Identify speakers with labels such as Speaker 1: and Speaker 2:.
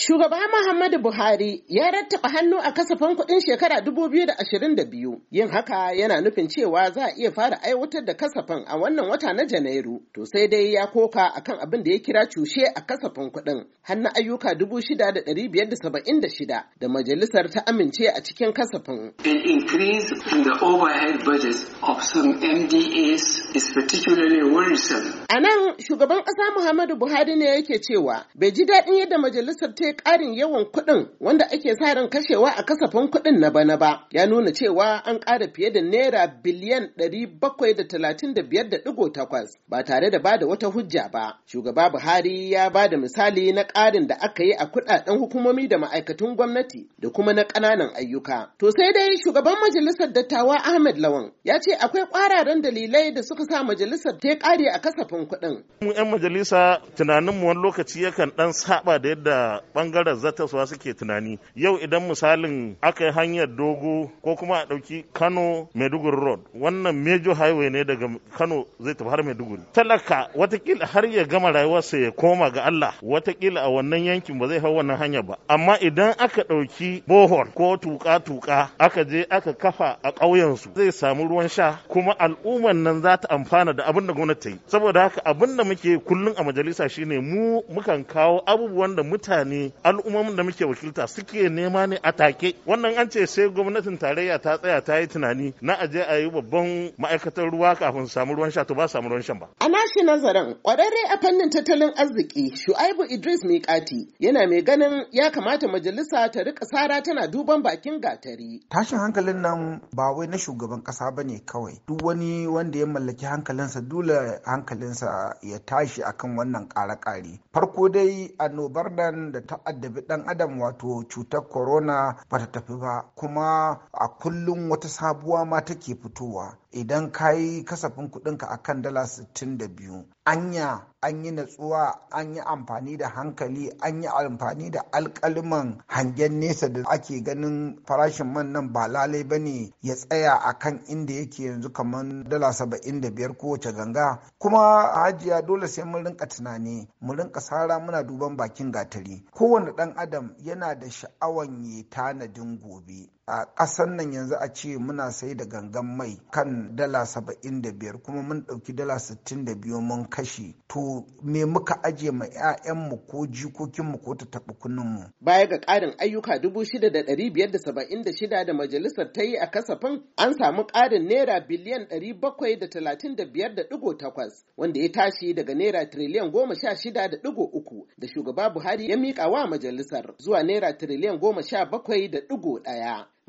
Speaker 1: Shugaba Muhammadu Buhari ya rattaba hannu a kasafin kuɗin shekara 2022. Yin haka yana nufin cewa za a iya fara aiwatar da kasafin a wannan wata na Janairu. To sai dai ya koka akan abin da ya kira cushe a kasafin kuɗin. Hannu ayyuka 6,576 da majalisar ta amince a cikin kasafin. An increase in the overhead budget of some MDAs is particularly
Speaker 2: worrisome.
Speaker 1: A nan shugaban ƙasa Muhammadu Buhari ne yake cewa bai ji daɗin yadda majalisar ta ƙarin yawan kuɗin wanda ake sa ran kashewa a kasafin kuɗin na bana ba. Ya nuna cewa an ƙara fiye da naira biliyan ɗari bakwai da talatin da biyar da ɗigo takwas ba tare da bada wata hujja ba. Shugaba Buhari ya ba da misali na ƙarin da aka yi a kuɗaɗen hukumomi da ma'aikatun gwamnati da kuma na ƙananan ayyuka. To sai dai shugaban majalisar dattawa Ahmed Lawan ya ce akwai ƙwararen dalilai da suka suka sa majalisar ta kare a kasafin kuɗin.
Speaker 2: Mun 'yan majalisa tunanin mu wani lokaci yakan dan saba da yadda bangaren zataswa suke tunani. Yau idan misalin aka yi hanyar dogo ko kuma a ɗauki Kano Maiduguri Road wannan major highway ne daga Kano zai tafi har Maiduguri. Talaka watakila har ya gama rayuwarsa ya koma ga Allah watakila a wannan yankin ba zai hau wannan hanya ba. Amma idan aka ɗauki bohol ko tuka-tuka aka je aka kafa a ƙauyensu zai samu ruwan sha kuma al'ummar nan za ta amfana da abin da gwamnati ta yi saboda haka abin da muke kullum a majalisa shine mu mukan kawo abubuwan da mutane al'ummomin da muke wakilta suke nema ne a take wannan an ce sai gwamnatin tarayya ta tsaya ta yi tunani na aje a yi babban ma'aikatar ruwa kafin samu ruwan sha to ba samu ruwan shan ba a nashi nazarin
Speaker 1: kwararre a fannin tattalin arziki shu'aibu idris miƙati yana mai ganin ya kamata majalisa ta rika sara tana duban bakin gatari
Speaker 3: tashin hankalin nan ba wai na shugaban kasa bane kawai duk wani wanda ya mallaki ɗauki hankalinsa dole hankalinsa ya tashi akan wannan ƙare-ƙare farko dai annobar nan da ta addabi ɗan adam wato cutar corona ba ta tafi ba kuma a kullum wata sabuwa ma take fitowa idan ka yi kasafin kuɗinka a kan dala 62 anya an yi natsuwa an yi amfani da hankali an yi amfani da alkaliman hangen nesa da ake ganin farashin man nan ba lalai ba ne ya tsaya a kan inda yake yanzu kamar dala saba'in da biyar kowace ganga kuma hajiya dole sai mun rinka tunani mu rinka sara muna duban bakin gatari kowane ɗan adam yana da sha'awan ya tanadin gobe a ƙasan nan yanzu a ce muna sai da gangan mai kan dala saba'in da biyar kuma mun ɗauki dala sittin da biyu mun kashe to me muka aje ma 'ya'yanmu ko jikokinmu ko ta taɓa kunninmu.
Speaker 1: baya ga ƙarin ayyuka dubu shida da ɗari biyar da saba'in da shida da majalisar ta yi a kasafin an samu ƙarin naira biliyan ɗari bakwai da talatin da biyar da ɗigo takwas wanda ya tashi daga naira tiriliyan goma sha shida da ɗigo uku da shugaba buhari ya miƙa wa majalisar zuwa naira tiriliyan goma sha bakwai da ɗigo ɗaya.